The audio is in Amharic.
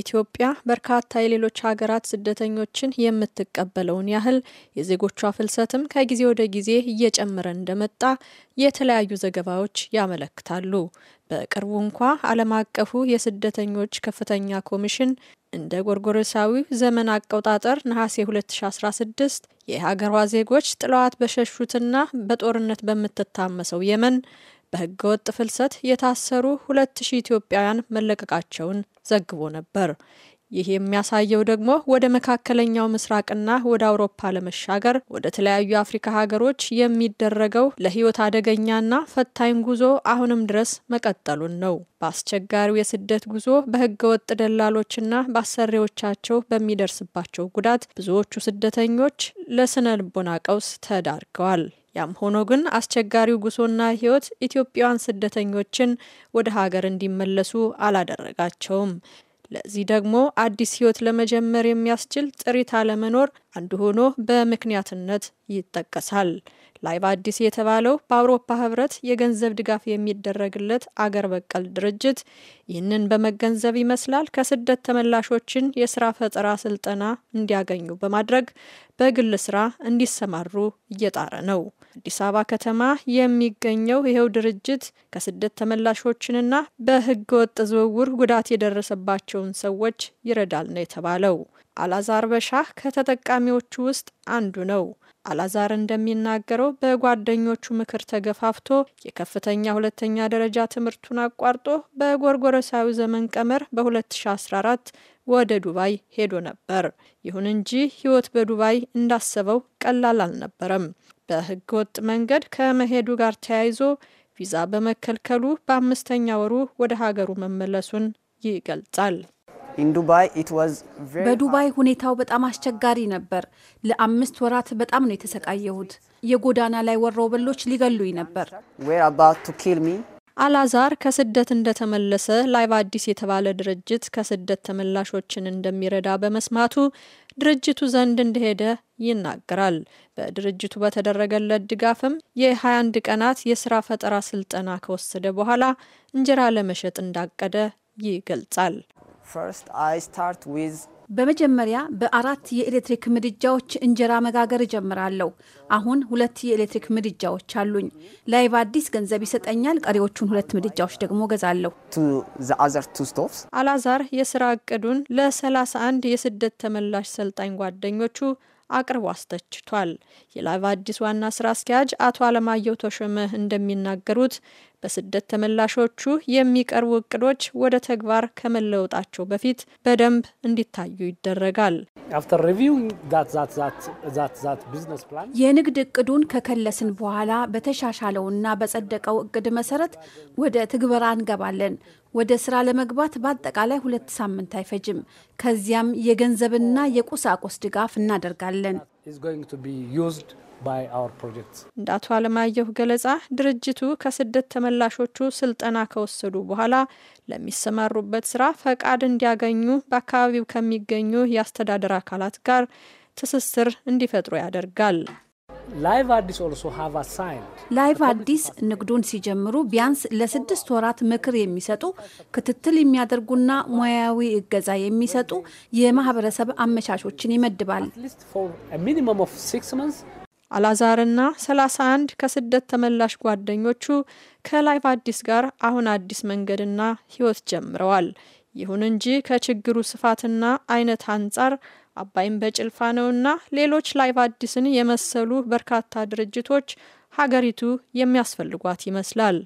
ኢትዮጵያ በርካታ የሌሎች ሀገራት ስደተኞችን የምትቀበለውን ያህል የዜጎቿ ፍልሰትም ከጊዜ ወደ ጊዜ እየጨመረ እንደመጣ የተለያዩ ዘገባዎች ያመለክታሉ። በቅርቡ እንኳ ዓለም አቀፉ የስደተኞች ከፍተኛ ኮሚሽን እንደ ጎርጎረሳዊው ዘመን አቆጣጠር ነሐሴ 2016 የሀገሯ ዜጎች ጥለዋት በሸሹትና በጦርነት በምትታመሰው የመን በህገወጥ ፍልሰት የታሰሩ ሁለት ሺህ ኢትዮጵያውያን መለቀቃቸውን ዘግቦ ነበር። ይህ የሚያሳየው ደግሞ ወደ መካከለኛው ምስራቅና ወደ አውሮፓ ለመሻገር ወደ ተለያዩ የአፍሪካ ሀገሮች የሚደረገው ለህይወት አደገኛና ፈታኝ ጉዞ አሁንም ድረስ መቀጠሉን ነው። በአስቸጋሪው የስደት ጉዞ በህገ ወጥ ደላሎችና በአሰሪዎቻቸው በሚደርስባቸው ጉዳት ብዙዎቹ ስደተኞች ለስነ ልቦና ቀውስ ተዳርገዋል። ያም ሆኖ ግን አስቸጋሪው ጉሶና ህይወት ኢትዮጵያውያን ስደተኞችን ወደ ሀገር እንዲመለሱ አላደረጋቸውም። ለዚህ ደግሞ አዲስ ህይወት ለመጀመር የሚያስችል ጥሪት አለመኖር አንዱ ሆኖ በምክንያትነት ይጠቀሳል። ላይቭ አዲስ የተባለው በአውሮፓ ህብረት የገንዘብ ድጋፍ የሚደረግለት አገር በቀል ድርጅት ይህንን በመገንዘብ ይመስላል ከስደት ተመላሾችን የስራ ፈጠራ ስልጠና እንዲያገኙ በማድረግ በግል ስራ እንዲሰማሩ እየጣረ ነው። አዲስ አበባ ከተማ የሚገኘው ይኸው ድርጅት ከስደት ተመላሾችንና በህገ ወጥ ዝውውር ጉዳት የደረሰባቸውን ሰዎች ይረዳል ነው የተባለው። አላዛር በሻህ ከተጠቃሚዎቹ ውስጥ አንዱ ነው። አላዛር እንደሚናገረው በጓደኞቹ ምክር ተገፋፍቶ የከፍተኛ ሁለተኛ ደረጃ ትምህርቱን አቋርጦ በጎርጎረሳዊ ዘመን ቀመር በ2014 ወደ ዱባይ ሄዶ ነበር። ይሁን እንጂ ሕይወት በዱባይ እንዳሰበው ቀላል አልነበረም። በሕገ ወጥ መንገድ ከመሄዱ ጋር ተያይዞ ቪዛ በመከልከሉ በአምስተኛ ወሩ ወደ ሀገሩ መመለሱን ይገልጻል። በዱባይ ሁኔታው በጣም አስቸጋሪ ነበር። ለአምስት ወራት በጣም ነው የተሰቃየሁት። የጎዳና ላይ ወሮበሎች ሊገሉኝ ነበር። አላዛር ከስደት እንደተመለሰ ላይቭ አዲስ የተባለ ድርጅት ከስደት ተመላሾችን እንደሚረዳ በመስማቱ ድርጅቱ ዘንድ እንደሄደ ይናገራል። በድርጅቱ በተደረገለት ድጋፍም የ21 ቀናት የስራ ፈጠራ ስልጠና ከወሰደ በኋላ እንጀራ ለመሸጥ እንዳቀደ ይገልጻል። በመጀመሪያ በአራት የኤሌክትሪክ ምድጃዎች እንጀራ መጋገር እጀምራለሁ። አሁን ሁለት የኤሌክትሪክ ምድጃዎች አሉኝ። ላይ በአዲስ ገንዘብ ይሰጠኛል። ቀሪዎቹን ሁለት ምድጃዎች ደግሞ ገዛለሁ። አላዛር የስራ እቅዱን ለ31 የስደት ተመላሽ ሰልጣኝ ጓደኞቹ አቅርቦ አስተችቷል። የላይቭ አዲስ ዋና ስራ አስኪያጅ አቶ አለማየሁ ተሾመ እንደሚናገሩት በስደት ተመላሾቹ የሚቀርቡ እቅዶች ወደ ተግባር ከመለወጣቸው በፊት በደንብ እንዲታዩ ይደረጋል። የንግድ እቅዱን ከከለስን በኋላ በተሻሻለውና በጸደቀው እቅድ መሰረት ወደ ትግበራ እንገባለን። ወደ ስራ ለመግባት በአጠቃላይ ሁለት ሳምንት አይፈጅም። ከዚያም የገንዘብና የቁሳቁስ ድጋፍ እናደርጋለን። እንደ አቶ አለማየሁ ገለጻ ድርጅቱ ከስደት ተመላሾቹ ስልጠና ከወሰዱ በኋላ ለሚሰማሩበት ስራ ፈቃድ እንዲያገኙ በአካባቢው ከሚገኙ የአስተዳደር አካላት ጋር ትስስር እንዲፈጥሩ ያደርጋል። ላይቭ አዲስ ንግዱን ሲጀምሩ ቢያንስ ለስድስት ወራት ምክር የሚሰጡ ክትትል የሚያደርጉና ሙያዊ እገዛ የሚሰጡ የማህበረሰብ አመቻቾችን ይመድባል። አላዛርና 31 ከስደት ተመላሽ ጓደኞቹ ከላይቭ አዲስ ጋር አሁን አዲስ መንገድና ሕይወት ጀምረዋል። ይሁን እንጂ ከችግሩ ስፋትና አይነት አንጻር አባይም በጭልፋ ነውና ሌሎች ላይቭ አዲስን የመሰሉ በርካታ ድርጅቶች ሀገሪቱ የሚያስፈልጓት ይመስላል።